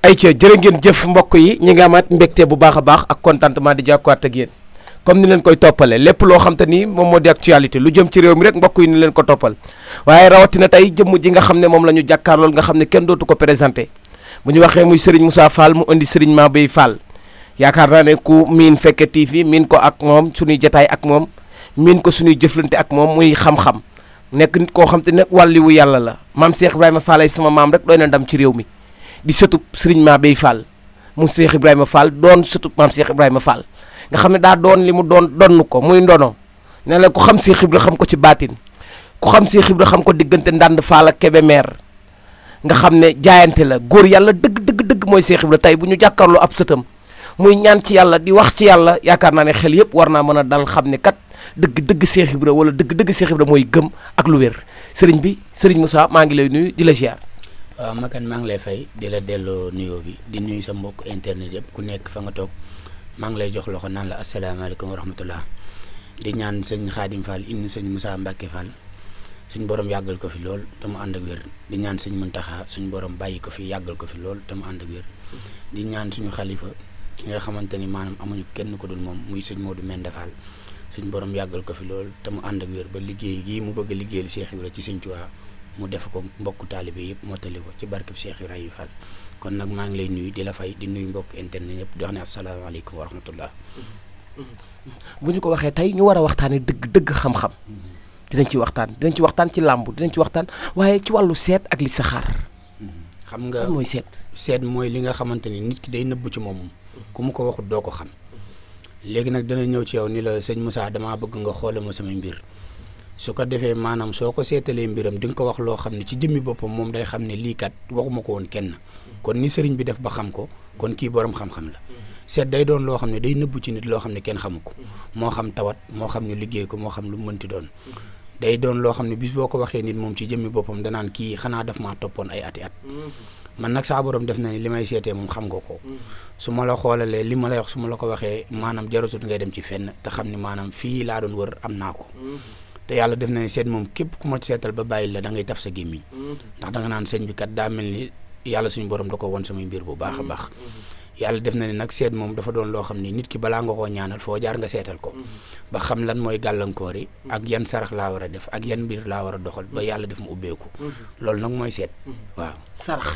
ay ca jërë ngeen jëf mbokk yi ñi nga amaat mbégte bu baax a baax ak contentement di jàkkuwaat ak yéen comme ni leen koy toppale lépp loo xam te ni moom moo di actualité lu jëm ci réew mi rek mbokk yi ni leen ko toppal waaye rawatina tey jëmm ji nga xam ne moom la ñu jàkkaarlool nga xam ne kenn dootu ko présenté bu ñu waxee muy Serigne Moussa Fall mu indi Serigne Mabeye Fall yaakaar naa ne ku miin fekke TV miin ko ak moom suñuy jataay ak moom miin ko suñuy jëflante ak moom muy xam nekk nit koo xam te ne wàlliwu yàlla la maam Cheikh Ibrahima Fall ay sama maam rek doy na ndam ci réew mi di sëtub sëriñ Mabey Fall mu Cheikh Ibrahima Fall doon sëtub maam Cheikh Ibrahima Fall nga xam ne daa doon li mu doon donn ko muy ndono ne la ku xam Cheikh Ibra xam ko ci baatin ku xam Cheikh Ibra xam ko diggante Ndande Fall ak Kébémer nga xam ne jaayante la góor yàlla dëgg dëgg dëgg mooy Cheikh Ibra tey bu ñu jàkkaarloo ab sëtam muy ñaan ci yàlla di wax ci yàlla yaakaar naa ne xel yëpp war naa mën a dal xam ne kat dëgg dëgg Cheikh Ibra wala dëgg dëgg Cheikh Ibra mooy gëm ak lu wér sëriñ bi sëriñ Moussa maa ngi lay nuyu di la ziar. waaw euh, Makane maa ngi lay fay di la delloo nuyo bi di nuyu sa mbokk internet yëpp ku nekk fa nga toog maa ngi lay jox loxo naan la asalaamaaleykum wa rahmatullah di ñaan sëñ Xaadim Fall indi sëñ Moussa Mbacke Fall suñu borom yàggal ko fi lool te mu ànd ak wér di ñaan sëñ Muntaxa suñ borom bàyyi ko fi yàggal ko fi lool te mu ànd di ñaan suñu xalifa ki nga xamante ni maanaam amuñu kenn ko dul moom muy sëñ Modou Mende Fall suñ borom yàggal ko fi lool te mu ànd ak wér ba liggéey gii mu bëgg liggéeyal Cheikh Ibra ci sëñ Tuubaa mu def ko mbokku taalibe yëpp mottali ko ci barkeb Cheikh Ibrahima Fall kon nag maa ngi lay nuyu di la fay di nuyu mbokk internet yëpp di wax ne asalaamaaleykum wa rahmatullah bu ñu ko waxee tey ñu war a waxtaanee dëgg dëgg xam-xam dinañ ci waxtaan dinañ ci waxtaan ci làmb dinañ ci waxtaan waaye ci wàllu seet ak li saxaar xam nga mooy seet seet mooy li nga xamante ni nit ki day nëbbu ci moom ku mu ko waxut doo ko xam léegi nag dana ñëw ci yow ni la sëñ Moussa damaa bëgg nga xoole ma sama mbir su ko defee maanaam soo ko seetalee mbiram di nga ko wax loo xam ne ci jëmmi boppam moom day xam ne liikat kat waxuma ko woon kenn kon ni sëriñ bi def ba xam ko kon kii borom xam-xam la seet day doon loo xam ne day nëbbu ci nit loo xam ne kenn xamu ko moo xam tawat moo xam ñu liggéey ko moo xam lu mënti doon day doon loo xam ne bis boo ko waxee nit moom ci jëmmi boppam danaan kii xanaa daf maa toppoon ay ati at man nag saa boroom def na ni li may seetee moom xam nga ko su ma la xoolalee li ma lay wax su ma la ko waxee maanaam jaratut ngay dem ci fenn te xam ne maanaam fii laa doon wër am naa ko te yàlla def na ne seet moom képp ku ma seetal ba bàyyi la da ngay taf sa gémmiñ mm-hmm. ndax da nga naan sëñ bi kat daa mel ni yàlla suñu borom da ko won samay mbir bu baax a baax mm-hmm. yàlla def na ne nag seet moom dafa doon loo xam ni nit ki balaa nga koo ñaanal foo jaar nga seetal ko mm-hmm. ba xam lan mooy gàllankoor yi ak yan sarax laa war a def ak yan mbir laa war a doxal ba yàlla def mu ubbeeku loolu nag mooy seet waaw sarax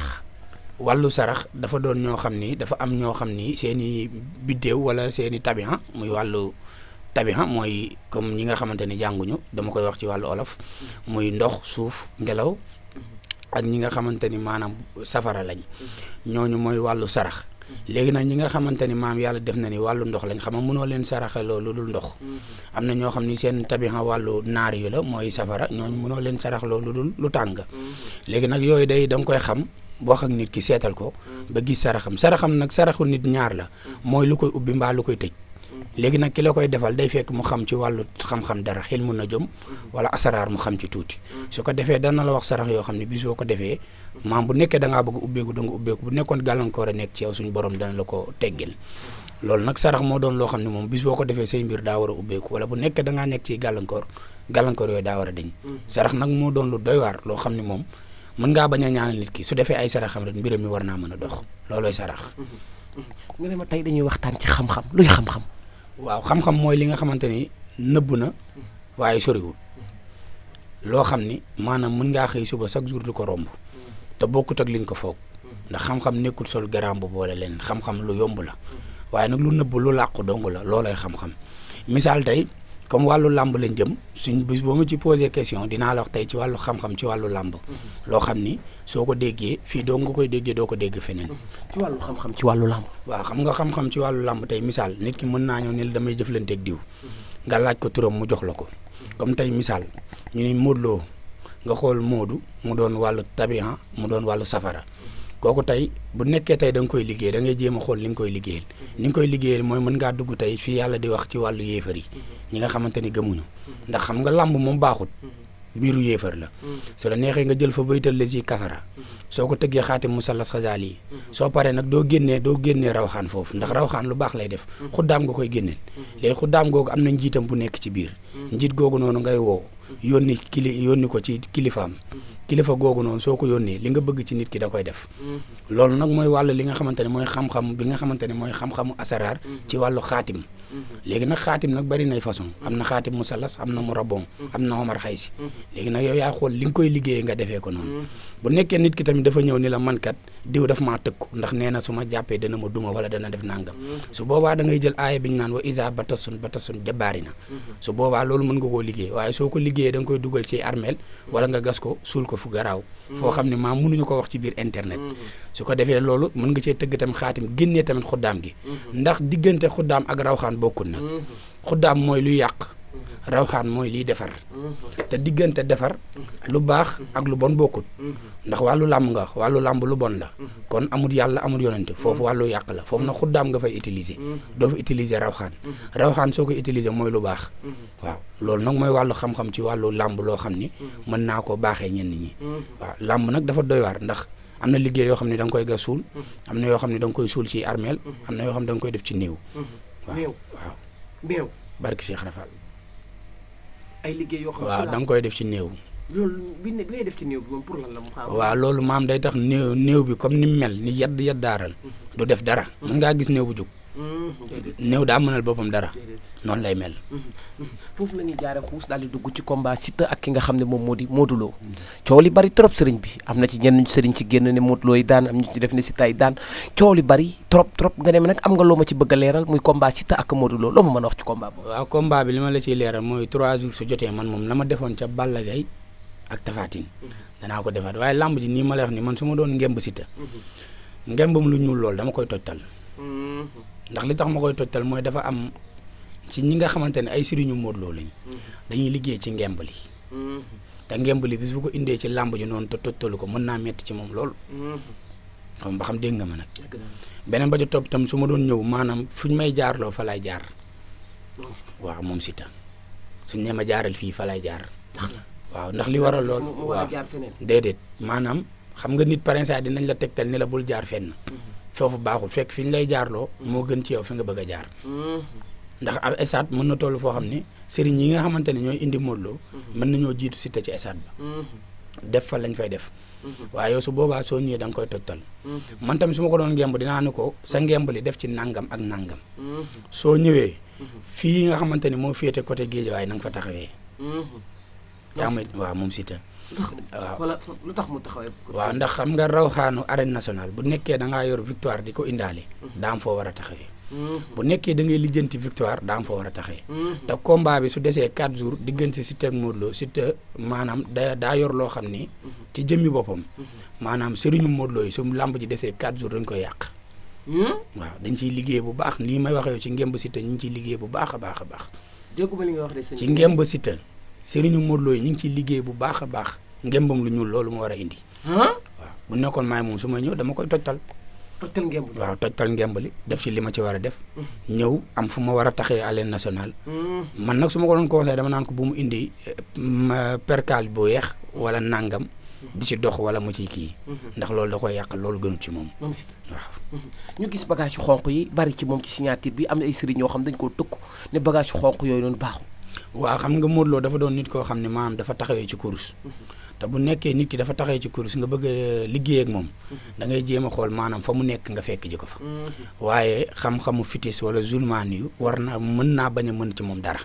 wàllu sarax dafa doon ñoo xam ni dafa am ñoo xam ni seen i biddéew wala seen i tabiha mooy comme ñi nga xamante ni jànguñu dama koy wax ci wàllu olof muy ndox suuf ngelaw ak ñi nga xamante ni maanaam safara lañ ñooñu mooy wàllu sarax léegi nag ñi nga xamante ni maam yàlla def na ni wàllu ndox lañ xam nga mënoo leen saraxe loolu dul ndox am na ñoo xam ni seen tabixa wàllu naar yu la mooy safara ñooñu mënoo leen sarax loolu dul lu tàng léegi nag yooyu day da koy xam boo xam nit ki seetal ko ba gis saraxam saraxam nag saraxu nit ñaar la mooy lu koy ubbi mbaa lu koy tëj léegi nag ki la koy defal day fekk mu xam ci wàllu xam-xam dara xel mun na jom wala asaraar mu xam ci tuuti su ko defee dana la wax sarax yoo xam ne bis boo ko defee maam nekkee da ngaa bëgg ubbeeku da nga ubbeeku bu nekkoon nekk ci yow suñu la ko teggil loolu nag sarax moo doon loo xam ne moom bis ko defee say mbir daa war a ubbeeku wala bu nekkee da ngaa nekk ci gàllankoor gàllankoor yooyu daa war a dañ sarax nag moo doon lu doy waar loo xam ne moom mën ngaa bañ a ñaanal nit ki su defee ay xam rek mbiram mi war naa mën a dox loolooy sarax ne tey dañuy waxtaan ci xam-xam luy xam waaw xam-xam mooy li nga xamante ni nëbb na waaye soriwul loo xam ni maanaam mën ngaa xëy suba chaque jour du ko romb te bokkut ak liñ ko foog ndax xam-xam nekkul sol garaam bu boole leen xam-xam lu yomb la waaye nag lu nëbb lu làqu dong la loolay xam-xam misaal tey comme wàllu làmb lañ jëm suñ bis boo ma ci posé question dinaa la wax tey ci wàllu xam-xam ci wàllu làmb mm-hmm. loo xam ni soo ko déggee fii doo nga koy déggee doo ko dégg feneen mm-hmm. ci wàllu xam-xam ci wàllu làmb waaw xam nga xam-xam ci wàllu làmb tey misaal nit ki mën naa ñëw ne la damay jëflanteeg diw mm-hmm. nga laaj ko turam mu jox la ko comme tey misaal ñu ni Modou Lo nga xool Modou mu doon wàllu tabian mu doon wàllu safara kooku tey bu nekkee tey da nga koy liggéey da jéema jéem xool li nga koy liggéeyal ni mhm. nga koy liggéeyal mooy mën ngaa dugg tey fii yàlla di wax ci wàllu yéefar yi mhm. ñi nga xamante ni gëmuñu ndax xam nga làmb moom baaxut mhm. biiru yéefar la su la neexee nga jël fa baytal la si kafara soo ko tëggee xaati musallas xasaal yi soo paree nag doo génnee doo génnee rawxaan foofu ndax rawxaan lu baax lay def xuddaam nga koy génneel léegi xuddaam googu am na njiitam bu nekk ci biir njiit googu noonu ngay woo yónni kili yónni ko ci kilifaam kilifa googu noonu soo ko yónnee li nga bëgg ci nit ki da koy def mm-hmm. loolu nag mooy wàllu li nga xamante ne mooy xam-xam bi nga xamante ne mooy xam-xamu asaraar mm-hmm. ci wàllu xaatim mm-hmm. léegi nag xaatim nag bari nay façon am na xaatim musallas am na mu rabon am na omar xaysi léegi nag yow yaa xool li nga koy liggéeyee nga defee ko noonu bu nekkee nit ki tamit dafa ñëw ni la mankat diw daf maa tëkku ndax nee na su ma jàppee dana ma duma wala dana def nangam su da ngay jël aaya bi ñu naan wa isa batasun batasun jabaari na su boobaa loolu mën nga koo liggéey ko da nga koy dugal ci armeel ko fu garaaw mm-hmm. foo xam ne maam mënuñu ko wax ci biir internet mm-hmm. su ko defee loolu mën nga cee tëgg tamit xaatim génnee tamit xuddaam gi mm-hmm. ndax diggante xuddaam ak rawxaan bokkul nag xuddaam mooy lu yàq rawxaan mooy liy defar mhm. te diggante defar mhm. lu baax ak lu bon bokkut mhm. ndax wàllu làmb nga wàllu làmb lu bon la kon amut yàlla amul yonent foofu wàllu yàq la foofu nag xuddaam nga fay utiliser doo fa utiliser rawxaan rawxaan soo ko utiliser mooy lu baax waaw loolu nag mooy wàllu xam-xam ci wàllu làmb loo xam ni mën naa ko baaxee ñenn ñi waaw làmb nag dafa doy ndax am na liggéey yoo xam ne da koy gas suul am na yoo xam ne da nga koy suul ci am na yoo xam ne da koy def ci néew waaw waaw néew barki ay liggéey waaw da nga koy def ci néew. loolu def ci néew pour lan la mu xam. waaw loolu maam day tax néew néew bi comme ni mu mel ni yedd daaral mm-hmm. du def dara. Mm-hmm. mën ngaa gis néew bu jóg. néew daa mënal boppam dara noonu lay mel. foofu la ñuy jaare xuus daal di dugg ci combat Siteu ak ki nga xam ne moom moo di Modou loo coow li bari trop sëriñ bi am na ci ñenn sëriñ ci génn ne Modou Lo yi def ne Siteu yi daan coow li bari trop trop nga ne am nga loo ma ci bëgg a leeral muy combat Siteu ak Modou Lo loo ma mën a wax ci combat bi li ma la ciy leeral mooy trois jours su jotee man moom la ma defoon ca Balla Gaye ak Tapha Tine danaa ko defaat waaye làmb ji nii ma lay wax ni man su ma doon ngemb Siteu mm-hmm. ngembam lu ñuul lool dama koy tojtal mm-hmm. ndax li tax ma koy tojtal mooy dafa am ci ñi nga xamante ne ay sëriñu moot Lo lañ mm-hmm. dañuy liggéey ci ngemb li mm-hmm. te ngemb li bi bu ko indee ci làmb ji noonu te tojtalu ko mën naa metti ci moom lool. Mm-hmm. xam ba xam dégg nga ma nag. beneen ba ci topp tam su ma doon ñëw maanaam fu ñu may jaarloo fa lay jaar. waaw moom Siteu suñ ne ma jaaral fii fa lay jaar. waaw ndax li waral lool waaw déedéet maanaam xam nga nit par exemple dinañ la tegtal ni la bul jaar fenn. foofu baaxul fekk fi ñu lay jaarloo. moo gën ci yow fi nga bëgg a jaar. ndax ab esaat mën na toll foo xam ne sëriñ yi nga xamante ne ñooy indi Modou Lo. mën nañoo jiitu Siteu ci esaat ba. def fa lañ fay def. waaye yow su boobaa soo ñëwee da nga koy tojtal. man tamit suma ko doon ngemb dinaa ne ko sa ngemb li def ci nàngam ak nàngam soo ñëwee. fii nga xamante ne moo féete côté géej waaye na nga fa taxawee. Mm-hmm. yaa waaw moom Siteu Ah. lu tax mu taxawee waaw ndax xam nga raw xaanu arène nationale bu nekkee da yor victoire di ko indaale. Mhm. daa am foo war a taxawee. Mhm. bu nekkee dangay ngay lijjanti victoire daa am foo war a taxawee. Mhm. te combat bi su desee quatre jours diggante Siteu ak Modou Lo Siteu maanaam da daa yor loo xam ni. ci jëmmi boppam. maanaam sëriñu Modou Lo yi su làmb ji desee quatre jours dañ koy yàq. Hmm? waaw dañ ciy liggéey bu baax nii may waxee ci ngemb Siteu ñu ngi ciy liggéey bu baax a baax a baax. déggu ma li wax de ci ngemb Siteu. sëriñu Modou Lo yi ñu ngi ciy liggéey bu baax a baax ngembam lu ñuul loolu moo war a indi. waaw bu nekkoon maay moom su ma ñëw dama koy tojtal. tojtal ngemb li waaw tojtal ngemb li def ci li ma ci war a def. Hmm. ñëw am fu ma war a taxee arène national hmm. man nag su ma ko doon conseil dama naan ko bu mu indi percal bu weex wala nangam. Hmm. di ci dox wala mu ciy kii. ndax loolu da koy yàq loolu gënu ci moom. moom si waaw. ñu gis bagage yu xonq yi bari ci moom ci signature bi am na ay sëriñ yoo xam dañ koo tëkk ne bagage yu yooyu noonu baaxul. waaw xam nga Modou Lo dafa doon nit koo xam ne maam dafa taxawee ci course mm-hmm. te bu nekkee nit ki dafa taxawee ci kurus nga bëgg euh, liggéey ak moom mm-hmm. da ngay jéem xool maanaam fa mu nekk nga fekk ji ko fa mm-hmm. waaye xam-xamu fitis wala zulmaan yu war na mën naa bañ a mën ci moom dara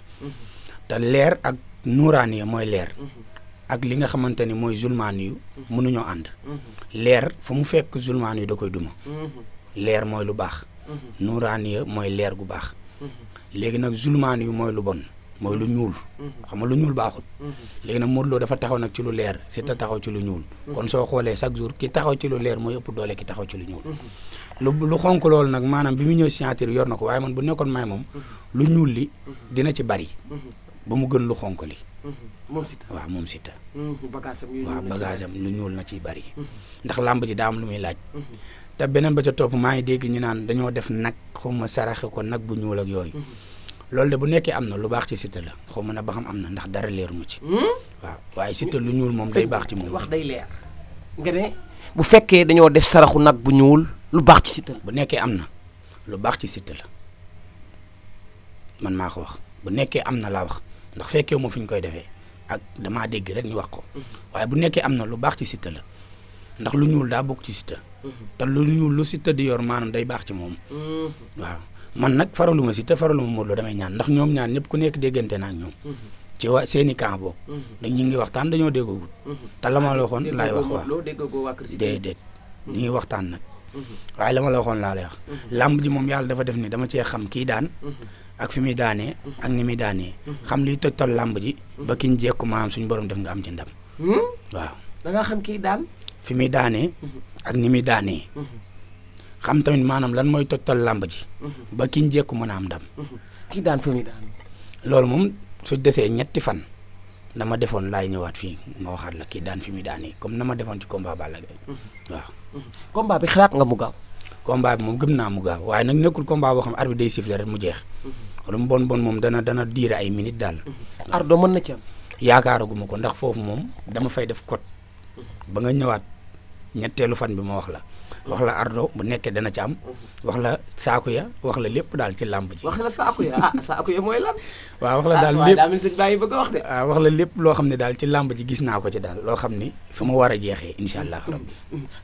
te leer ak nuuraan yi mooy leer ak li nga xamante ni mooy zulmaan yu mënuñoo ànd leer fu mu fekk zulmaan yu da koy duma leer mooy lu baax nuuraan ya mooy leer gu baax léegi nag zulmaan yu mooy lu mooy lu ñuul mhm. xam nga lu ñuul baaxut mhm. léegi nag Modou Lo dafa taxaw nag ci lu leer Siteu mhm. taxaw ci lu ñuul kon soo xoolee chaque jour ki taxaw ci lu leer mooy ëpp doole ki taxaw ci lu ñuul lu lu xonk loolu nag maanaam bi mu ñëw signature yor na ko waaye man bu nekkoon maay moom lu ñuul li dina ci bari ba mu gën lu xonk li moom Siteu waaw moom Siteu am lu ñuul na ciy bari ndax làmb ji daa am lu muy laaj te beneen ba ca topp maa ngi dégg ñu naan dañoo def nag xaw ma saraxe ko nag bu ñuul ak yooyu loolu de bu nekkee am na lu baax ci Siteu la xaw man ne ba xam am na ndax dara leeru ma ci. Hmm? waaw waaye Siteu lu ñuul moom day baax ci moom. wax day leer ne bu fekkee dañoo def saraxu nag bu ñuul lu baax ci Siteu la. bu nekkee am na lu baax ci Siteu la man maa ko wax bu nekkee am na laa wax ndax fekkee moo fi ñu koy defee ak damaa dégg rek ñu wax ko hmm. waaye bu nekkee am na lu baax ci Siteu la ndax lu ñuul daa bokk ci Siteu. Hmm. te lu ñuul lu Siteu di yor maanaam day baax ci moom. waaw man nag faraluma si te faraluma Modou Lo damay ñaan ndax ñoom ñaan ñëpp ku nekk déggante naa ak ñoom. ci waa seen i camp boobu. ñu ngi waxtaan dañoo déggoogul. te la ma la waxoon laay wax waaw déedéet ñu waxtaan nag. Mhm. waaye la la waxoon laa lay mhm. làmb ji moom yàlla dafa def ni dama cee xam kii daan. Mhm. ak fi muy daanee. ak ni muy daanee. xam liy tojtal làmb ji. ba ki ñu jekku suñu borom def nga am ci hmm? da nga xam kii fi muy daanee. ak ni muy daanee. xam tamit maanaam lan mooy tottal làmba ji. Mhm. ba ki ñu jékku mën a am ndam. Mhm. kii daan fi muy daan. loolu moom su desee ñetti fan na ma defoon laay ñëwaat fii ma waxaat la kii daan fi muy daan yi comme na ma defoon ci combat Balla Gaye mhm. waaw. combat bi xalaat nga mu gaaw. combat bi moom gëm naa mu gaaw waaye nag nekkul combat boo xam ne arbitre day siffler rek mu jeex. lu mu bon bon moom dana dana diire ay minit daal. doo mën na ci am. yaakaaraguma ko ndax foofu moom dama fay def code. nga ñëwaat ñetteelu fan bi ma wax la. wax la ardo bu nekkee dana ci am wax la saaku ya wax la lépp daal ci làmb ji wax la saaku ya ah saaku ya mooy lan waaw wax la ah, daal lépp bàyyi bëgg wax de wax la lépp loo xam ne daal ci làmb ji gis naa ko ci daal loo xam ne fi ma war a jeexee incha allah rabbi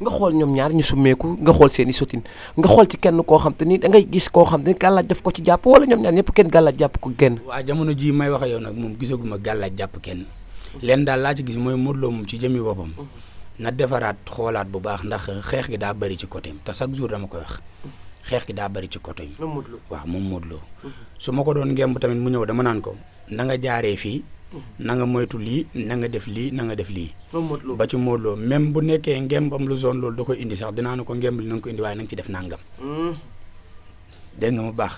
nga xool ñoom ñaar ñu summeeku nga xool seen i sotin nga xool ci kenn koo xam te ni dangay gis koo xam te ni gàllaaj daf ko ci jàpp wala ñoom ñaar ñëpp kenn gàllaaj jàpp ko genn waaw jamono ji may wax yow nag moom gisaguma gàllaaj jàpp kenn leen daal laa ci gis mooy Modou Lo moom ci jëmi boppam na defaraat xoolaat bu baax ndax xeex gi daa bëri ci côté te chaque jour dama ko wax xeex gi daa bëri ci côté yi. waaw moom Modou loo mhm. su ma ko doon ngemb tamit mu ñëw dama naan ko na nga jaaree fii. Mhm. na nga moytu lii na nga def lii na nga def lii. ba ci Modou Lo même bu nekkee ngembam lu zone loolu da koy indi sax dinaa ne ko ngemb li na nga ko indi waaye na nga ci def nangam. Mhm. dégg nga mu baax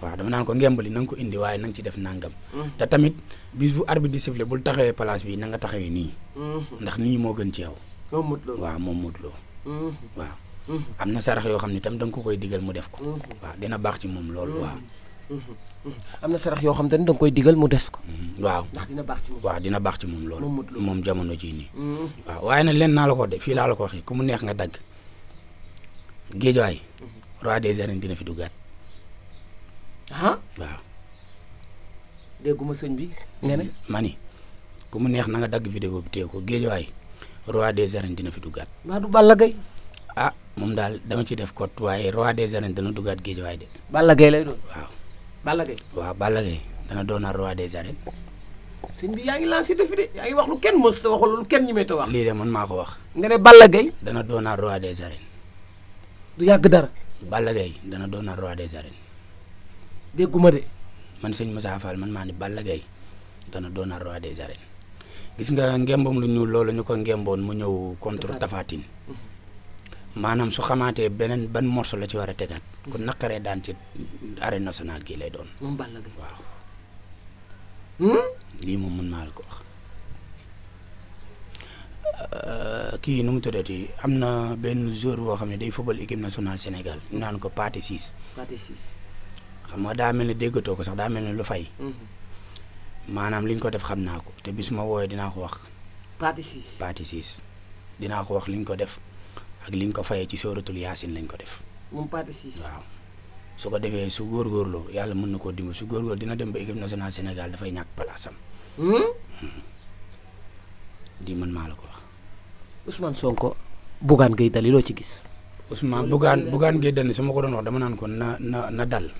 waaw dama naan ko ngembali na nga ko indi waaye na ci def nangam mm-hmm. te tamit bis bu arbitre di siffler bul taxawee place bi na nga taxawee nii mm-hmm. ndax nii moo gën ci yow waaw moom mut Lo mm-hmm. waaw am na sarax yoo xam ne tam da ko koy digal mu def ko waaw baax ci moom loolu waaw na sarax yoo xam te ne koy digal mu des ko. waaw ndax dina baax ci moom waaw dina baax ci moom loolu. moom jamono jii nii. waaw waaye nag leen naa la ko de fii laa la ko waxee ku mu neex nga dagg. géejawaay roi des arènes dina fi duggaat. ah waaw dégguma sëñ bi nga ne ma ni ku mu neex na nga dagg vidéo bi téye ko waay roi des arènes dina fi duggaat maa du Balla Gaye ah moom daal dama ci def kot waaye roi des arènes dana duggaat géejawaay waay Balla Gaye Balla Gaye waaw dana doonaat roi des arènes sëñ bi yaa ngi lancé defi de wax lu kenn mës ta kenn ñemee ta wax lii man maa ko wax nga ne Balla Gaye dana doonaat roi des arènes du yàgg dara Balla Gaye dana doonaat roi des arènes dégguma de man sëñ Moussa Fall man maa ni Balla dana doon roi des arènes gis nga ngembam lu ñuul loolu ñu ko ngemboon mu ñëw contre Tapha mhm. maanaam su xamaatee beneen ban morceau la ci war a tegaat mhm. ku naqaree daan ci arène national gii lay doon moom Balla Gaye waaw hmm? lii moom mën naa ko wax euh, kii nu mu tuddati am na benn joueur boo xam ne day football équipe nationale Sénégal naan ko Pathé Ciss xam nga daa mel ne déggatoo ko sax daa mel ne lu fay. Mhm. maanaam liñ ko def xam naa ko te bis ma wooyee dinaa ko wax. partie six dinaa ko wax liñ ko def ak liñ ko fayee ci sóoratul yaasin lañ ko def. moom su ko defee su góorgóorloo yàlla mën na koo dimbali su góorgóor dina dem ba équipe nationale Sénégal dafay ñàkk palaasam. Hmm? Hmm. di man maa la ko wax. Ousmane ko Bougane Gueye Dany loo ci gis. Ousmane Bougane Bougane Gueye Dany su ma ko doon wax dama naan ko na na na dal.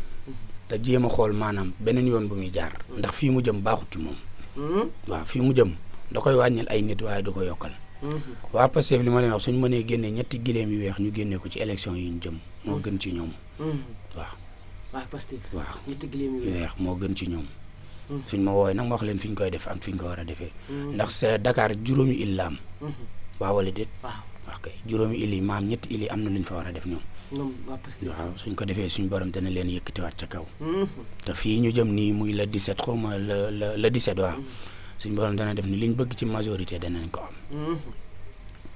te jéem a xool maanaam beneen yoon bu muy jaar ndax fii mu jëm baaxut ci moom hmm? waaw fii mu jëm da koy wàññil ay nit waaye du ko yokkal hmm. waa Pastef li ma leen wax suñu mënee génnee ñetti gileem yu weex ñu génnee ko ci élection yi ñu jëm moo hmm. gën ci ñoom waa waaw Pastef waaw ñetti gileem weex moo gën ci ñoom suñ ma woowee nag ma wax leen fi ñu koy def ak fi ñu ko war a defee ndax c'est Dakar juróomi illaam waaw wala déet kay juróomi ili maam ñetti ili am na lu fa war a def ñoom. waaw suñ ko defee suñ borom dana leen yëkkatiwaat ca kaw. Mm-hmm. te fii ñu jëm nii muy la 17 xaw ma la di set 17 waaw. Mm-hmm. suñ borom dana def ni liñ bëgg ci majorité danañ ko am. Mm-hmm.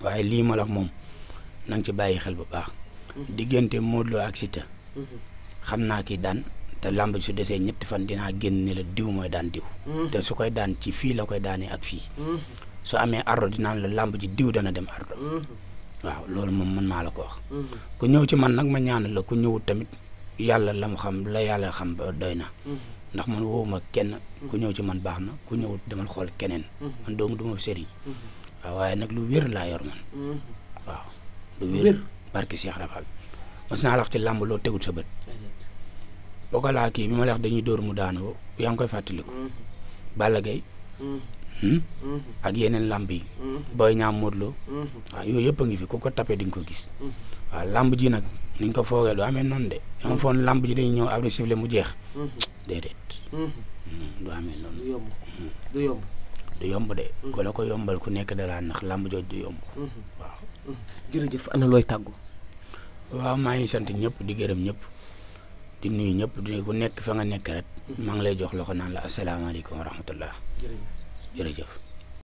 waaye lii ma la moom na ci bàyyi xel bu baax. diggante Modou Lo ak Siteu. xam naa ki daan te làmb su desee ñetti fan dinaa génn ne la diw mooy daan diw. te su koy daan ci fii la koy daanee ak fii. su amee ardo dinaan dem waaw loolu moom mën naa la ko wax. Mhm. ku ñëw ci man nag ma ñaanal la ku ñëwut tamit yàlla la mu xam la yàlla xam doy na. Mhm. ndax man ma kenn mhm. ku ñëw ci man baax na ku ñëwut demal xool keneen. man doomu du ma waaw waaye nag lu wér laa yor man. waaw lu wér barki Cheikh Rafal mas naa la wax ci làmb loo tegut sa bët. boo ko laa kii bi ma la dañuy dóor mu daanoo yaa ngi koy fàttaliku. Balla Gaye Hmm? Mm-hmm. ak yeneen làmb yi. Mm-hmm. Boy Niang Modou Lo. Mm-hmm. waaw yooyu yëpp ngi fi ku ko tapé di nga ko gis. waaw lamb ji nag niñ ko foogee du amee noonu de. dama foog lamb ji dañuy mu jeex. Mm, mm. yomb du de. ku la ko yombal ku nekk da laa nax lamb jooj du yomb. waaw. looy tàggu. waaw maa ngi sant ñëpp di gërëm ñëpp di nuyu ñëpp di ku nekk fa nga nekk rek. maa ngi lay jox loxo naan la asalaamaaleykum wa rahmatullah. jërëjëf